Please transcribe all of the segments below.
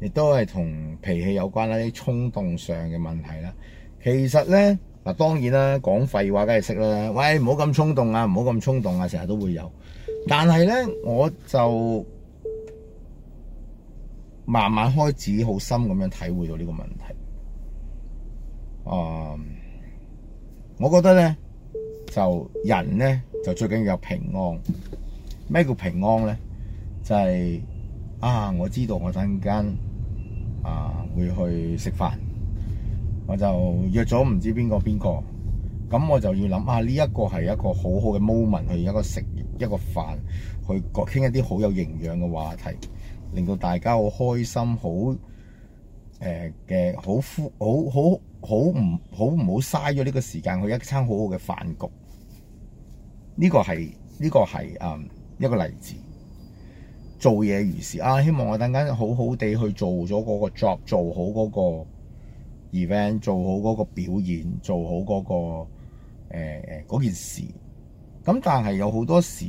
亦都係同脾氣有關啦，啲衝動上嘅問題啦。其實咧，嗱當然啦，講廢話梗係識啦。喂，唔好咁衝動啊，唔好咁衝動啊，成日都會有。但係咧，我就慢慢開始好深咁樣體會到呢個問題。啊、嗯，我覺得咧，就人咧就最緊要平安。咩叫平安咧？就係、是、啊，我知道我陣間。啊，會去食飯，我就約咗唔知邊個邊個，咁我就要諗下呢一個係一個好好嘅 moment，去一個食一個飯，去講傾一啲好有營養嘅話題，令到大家好開心，好嘅好好好好唔好嘥咗呢個時間去一餐好好嘅飯局，呢個係呢個係、嗯、一個例子。做嘢如是啊！希望我等間好好地去做咗嗰個 job，做好嗰個 event，做好嗰個表演，做好嗰、嗰個誒誒、呃、件事。咁但係有好多時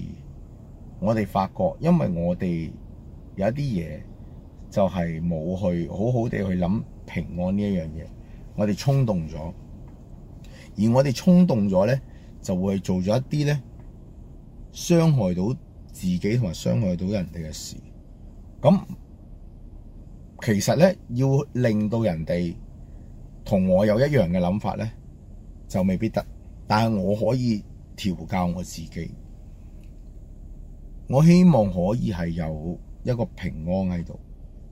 我哋發覺，因為我哋有一啲嘢就係冇去好好地去諗平安呢一樣嘢，我哋衝動咗，而我哋衝動咗咧，就會做咗一啲咧傷害到。自己同埋傷害到人哋嘅事，咁其實呢，要令到人哋同我有一樣嘅諗法呢，就未必得。但係我可以調教我自己，我希望可以係有一個平安喺度。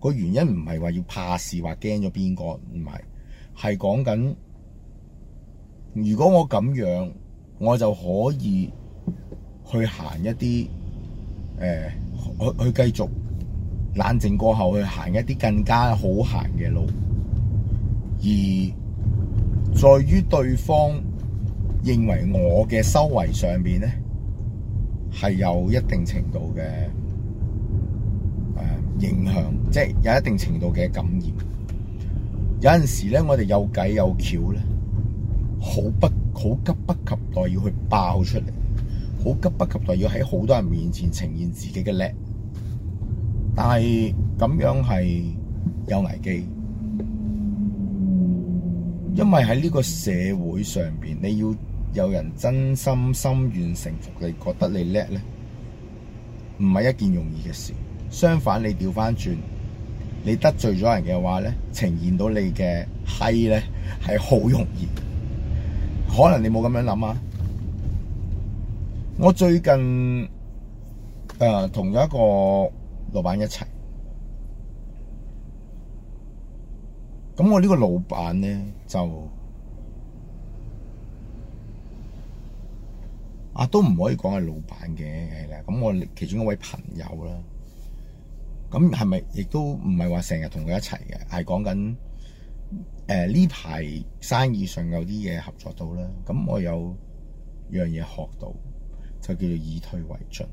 個原因唔係話要怕事，話驚咗邊個，唔係，係講緊如果我咁樣，我就可以去行一啲。誒去、呃、去繼續冷靜過後去行一啲更加好行嘅路，而在於對方認為我嘅修為上面呢，係有一定程度嘅誒、呃、影響，即係有一定程度嘅感染。有陣時呢，我哋有計有橋咧，好不好，急不及待要去爆出嚟。好急不及待要喺好多人面前呈現自己嘅叻，但係咁樣係有危機，因為喺呢個社會上邊，你要有人真心心願誠服你，覺得你叻呢，唔係一件容易嘅事。相反，你調翻轉，你得罪咗人嘅話呢，呈現到你嘅低呢係好容易。可能你冇咁樣諗啊～我最近同咗、呃、一個老闆一齊，咁我呢個老闆呢，就啊都唔可以講係老闆嘅係啦。咁我其中一位朋友啦，咁係咪亦都唔係話成日同佢一齊嘅？係講緊誒呢排生意上有啲嘢合作到啦。咁我有樣嘢學到。就叫做以退為進。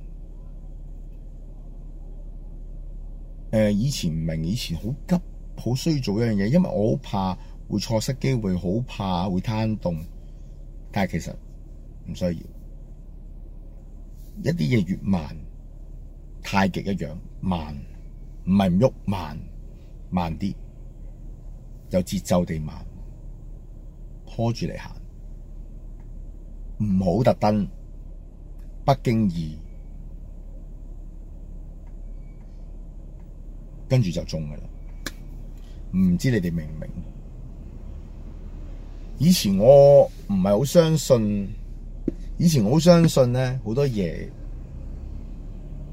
呃，以前唔明，以前好急，好需要做一樣嘢，因為我好怕會錯失機會，好怕會攤凍。但係其實唔需要，一啲嘢越慢，太極一樣慢，唔係唔喐，慢慢啲，有節奏地慢，拖住你行，唔好特登。不經意，跟住就中噶啦！唔知你哋明唔明？以前我唔係好相信，以前好相信呢，好多嘢，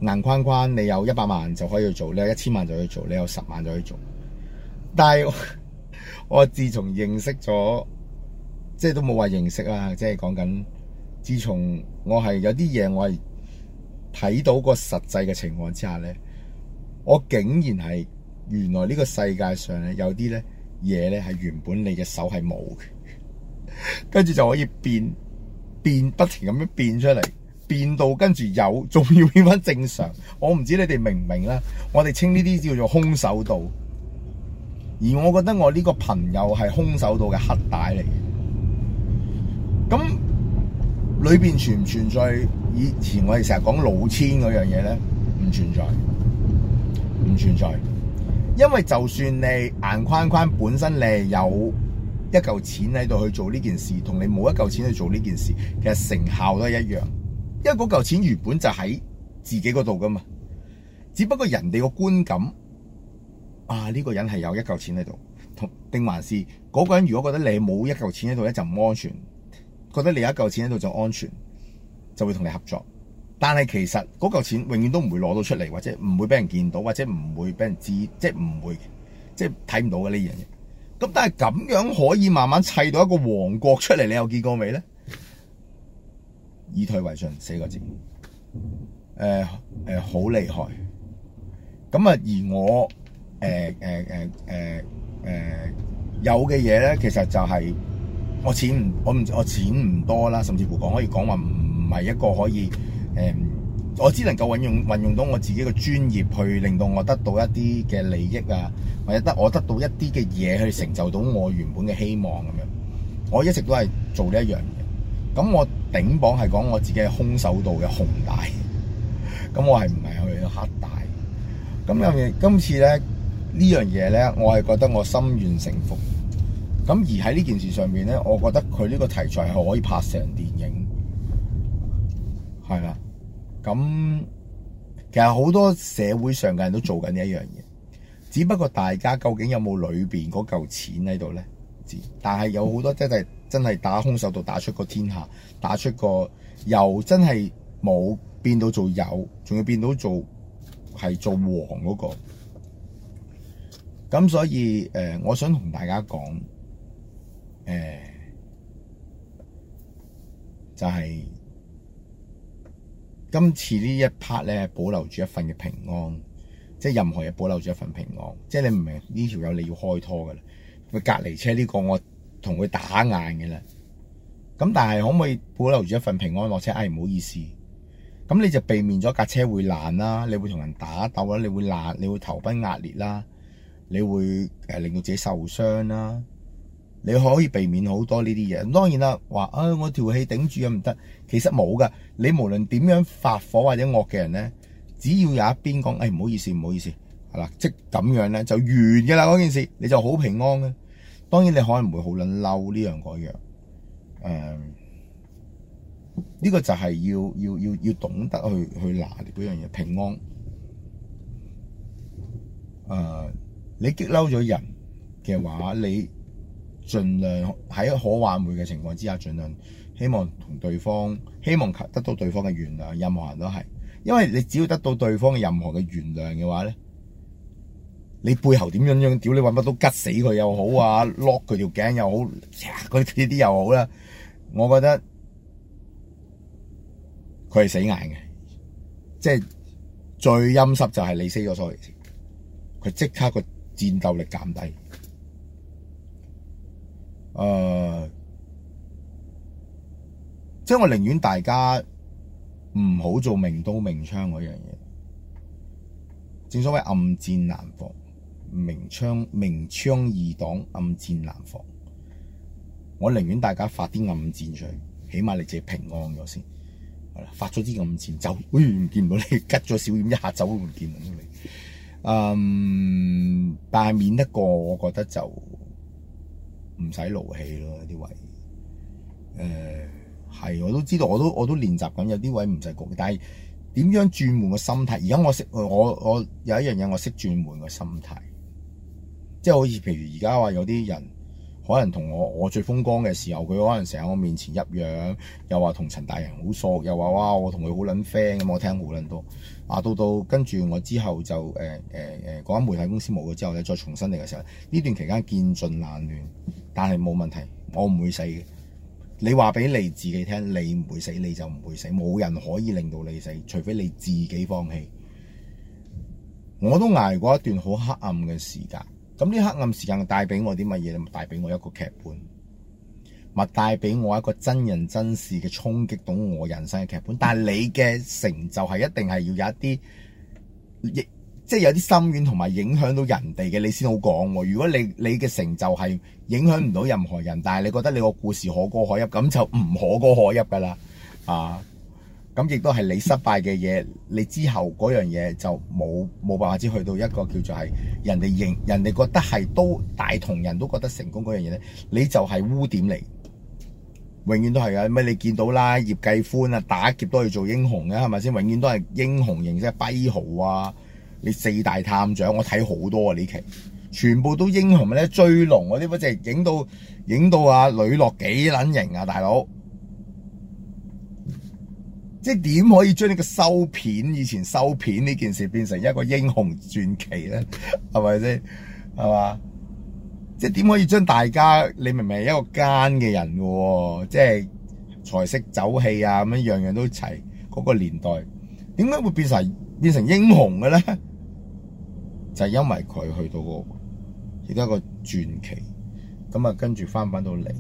硬框框，你有一百萬就可以去做，你有一千萬就可以做，你有十萬就可以做。但係我，我自從認識咗，即係都冇話認識啦，即係講緊。自從我係有啲嘢，我係睇到個實際嘅情況之下呢，我竟然係原來呢個世界上咧，有啲呢嘢呢係原本你嘅手係冇嘅，跟住就可以變變不停咁樣變出嚟，變到跟住有，仲要變返正常。我唔知你哋明唔明啦。我哋稱呢啲叫做空手道，而我覺得我呢個朋友係空手道嘅黑帶嚟。咁裏邊存唔存在以前我哋成日講老千嗰樣嘢咧？唔存在，唔存在。因為就算你硬框框本身你有一嚿錢喺度去做呢件事，同你冇一嚿錢去做呢件事，其實成效都係一樣。因為嗰嚿錢原本就喺自己嗰度噶嘛，只不過人哋個觀感啊，呢個人係有一嚿錢喺度，同定還是嗰個人如果覺得你冇一嚿錢喺度咧，就唔安全。覺得你有一嚿錢喺度就安全，就會同你合作。但係其實嗰嚿錢永遠都唔會攞到出嚟，或者唔會俾人見到，或者唔會俾人知，即係唔會即係睇唔到嘅呢樣嘢。咁但係咁樣可以慢慢砌到一個王國出嚟，你有見過未咧？以退為進四個字，誒誒，好厲害。咁啊，而我誒誒誒誒誒有嘅嘢咧，其實就係。我錢唔，我唔，我錢唔多啦，甚至乎講可以講話唔係一個可以，誒、嗯，我只能夠運用運用到我自己嘅專業去令到我得到一啲嘅利益啊，或者得我得到一啲嘅嘢去成就到我原本嘅希望咁樣。我一直都係做呢一樣嘢。咁我頂榜係講我自己係空手道嘅紅帶，咁我係唔係去黑帶？咁樣嘢，今次咧呢樣嘢咧，我係覺得我心願成服。咁而喺呢件事上面呢，我覺得佢呢個題材係可以拍成電影，係啦。咁其實好多社會上嘅人都做緊呢一樣嘢，只不過大家究竟有冇裏邊嗰嚿錢喺度呢？唔知。但係有好多真係真係打空手道打出個天下，打出個由真係冇變到做有，仲要變到做係做王嗰個。咁所以誒、呃，我想同大家講。誒，就係、是、今次呢一 part 咧，保留住一份嘅平安，即係任何嘢保留住一份平安。即係你唔明呢條友你要開拖嘅啦，佢隔籬車呢個我同佢打硬嘅啦。咁但係可唔可以保留住一份平安落車？哎，唔好意思。咁你就避免咗架車會爛啦，你會同人打鬥啦，你會爛，你會頭崩額裂啦，你會誒令到自己受傷啦。你可以避免好多呢啲嘢。當然啦，話啊、哎、我條氣頂住又唔得，其實冇噶。你無論點樣發火或者惡嘅人咧，只要有一邊講，誒、哎、唔好意思，唔好意思，係啦，即咁樣咧就完噶啦嗰件事，你就好平安嘅。當然你可能唔會好撚嬲呢樣嗰樣，誒、呃、呢、呢個就係要要要要懂得去去拿捏嗰樣嘢平安。誒、呃，你激嬲咗人嘅話，你。盡量喺可挽回嘅情況之下，盡量希望同對方希望得到對方嘅原諒，任何人都係，因為你只要得到對方嘅任何嘅原諒嘅話咧，你背後點樣樣屌你，搵乜都吉死佢又好啊，lock 佢條頸又好，佢呢啲又好啦，我覺得佢係死硬嘅，即係最陰濕就係你 say 咗 sorry，佢即刻個戰鬥力減低。誒、呃，即係我寧願大家唔好做明刀明槍嗰樣嘢。正所謂暗箭難防，明槍明槍易擋，暗箭難防。我寧願大家發啲暗箭出嚟，起碼你自己平安咗先。係啦，發咗啲暗箭走，誒，唔見唔到你，吉咗小少，一下走都唔見唔到你。嗯、呃，但係免得過，我覺得就。唔使勞氣咯，啲位，誒、呃，係我都知道，我都我都練習緊，有啲位唔使焗，但係點樣轉換個心態？而家我識，我我有一樣嘢，我識轉換個心態，即係好似譬如而家話有啲人。可能同我我最風光嘅時候，佢可能成日喺我面前一樣，又話同陳大人好熟，又話哇我同佢好撚 friend 咁，我，我聽好撚多。啊，到到跟住我之後就誒誒誒講媒體公司冇咗之後咧，再重新嚟嘅時候，呢段期間見盡冷暖，但係冇問題，我唔會死。你話俾你自己聽，你唔會死，你就唔會死，冇人可以令到你死，除非你自己放棄。我都捱過一段好黑暗嘅時間。咁呢黑暗時間帶俾我啲乜嘢？帶俾我一個劇本，咪帶俾我一個真人真事嘅衝擊到我人生嘅劇本。但係你嘅成就係一定係要有一啲，即係有啲深遠同埋影響到人哋嘅，你先好講。如果你你嘅成就係影響唔到任何人，但係你覺得你個故事可歌可泣，咁就唔可歌可泣噶啦，啊！咁亦都係你失敗嘅嘢，你之後嗰樣嘢就冇冇辦法之去到一個叫做係人哋認人哋覺得係都大同人都覺得成功嗰樣嘢咧，你就係污點嚟，永遠都係啊！咩你見到啦？葉繼歡啊，打劫都要做英雄嘅，係咪先？永遠都係英雄型，即係跛豪啊！你四大探長，我睇好多啊呢期，全部都英雄咧，追龍嗰啲乜即影到影到啊！呂樂幾撚型啊，大佬？即係點可以將呢個收片以前收片呢件事變成一個英雄傳奇咧？係咪先？係嘛？即係點可以將大家你明明一個奸嘅人嘅、哦，即係財色酒氣啊，咁樣樣樣都齊嗰、那個年代，點解會變成變成英雄嘅咧？ 就係因為佢去到嗰、那個亦都一個傳奇，咁啊跟住翻唔翻到嚟？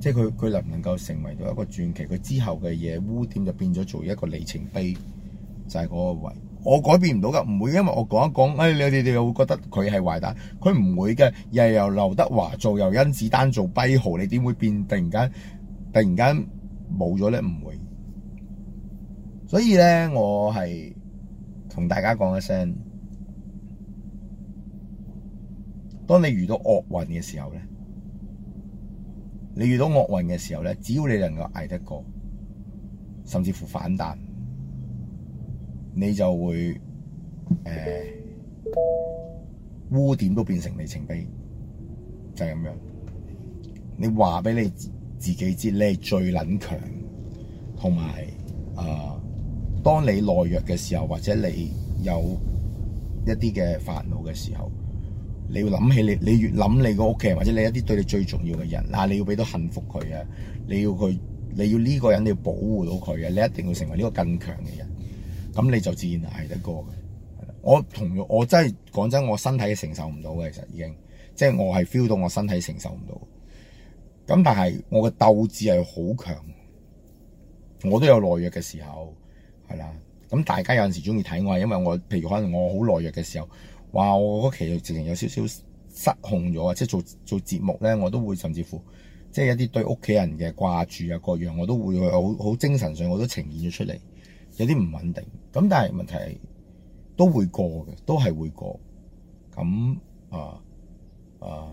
即係佢佢能唔能夠成為到一個傳奇，佢之後嘅嘢污點就變咗做一個里程碑，就係、是、嗰個位。我改變唔到噶，唔會，因為我講一講，誒、哎，你哋哋又會覺得佢係壞蛋，佢唔會嘅。又係由劉德華做，又甄子丹做跛豪，你點會變突然間突然間冇咗咧？唔會。所以咧，我係同大家講一聲，當你遇到惡運嘅時候咧。你遇到惡運嘅時候咧，只要你能夠捱得過，甚至乎反彈，你就會誒、呃、污點都變成里程碑。就係、是、咁樣。你話俾你自己知，你係最撚強，同埋啊，當你懦弱嘅時候，或者你有一啲嘅煩惱嘅時候。你要諗起你，你越諗你個屋企人，或者你一啲對你最重要嘅人，嗱，你要俾到幸福佢啊！你要佢，你要呢個人，你要保護到佢啊！你一定要成為呢個更強嘅人，咁你就自然捱得過嘅。我同我真係講真，我身體承受唔到嘅，其實已經，即係我係 feel 到我身體承受唔到。咁但係我嘅鬥志係好強，我都有懦弱嘅時候，係啦。咁大家有陣時中意睇我，因為我，譬如可能我好懦弱嘅時候。話，我嗰期就直情有少少失控咗啊！即係做做節目咧，我都會甚至乎即係一啲對屋企人嘅掛住啊，各樣我都會好好精神上我都呈現咗出嚟，有啲唔穩定咁。但係問題係都會過嘅，都係會過咁啊啊！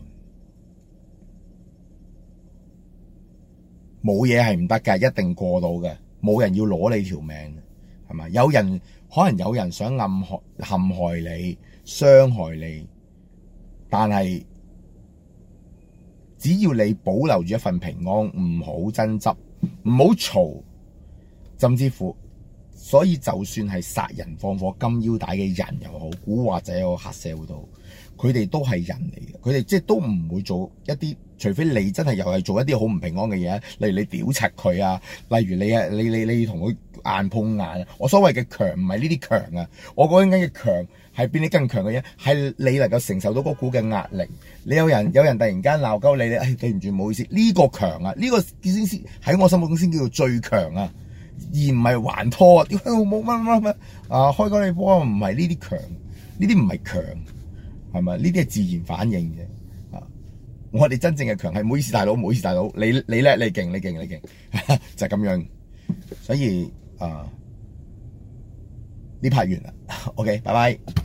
冇嘢係唔得㗎，一定過到嘅。冇人要攞你條命係咪？有人可能有人想暗害陷害你。傷害你，但係只要你保留住一份平安，唔好爭執，唔好嘈，甚至乎，所以就算係殺人放火金腰帶嘅人又好，古惑仔個黑社會都好。佢哋都係人嚟嘅，佢哋即係都唔會做一啲，除非你真係又係做一啲好唔平安嘅嘢，例如你屌柒佢啊，例如你啊，你你你同佢硬碰硬。我所謂嘅強唔係呢啲強啊，我嗰陣間嘅強係變得更強嘅嘢，係你能夠承受到嗰股嘅壓力。你有人有人突然間鬧鳩你，你誒，對唔住，唔好意思，呢個強啊，呢個先先喺我心目中先叫做最強啊，而唔係還拖啊，屌冇乜乜乜啊，開嗰波唔係呢啲強，呢啲唔係強。係咪？呢啲係自然反應啫。啊，我哋真正嘅強係，唔好意思大，大佬，唔好意思，大佬，你你叻，你勁，你勁，你勁，你 就係咁樣。所以啊，呢 part 完啦。 OK，拜拜。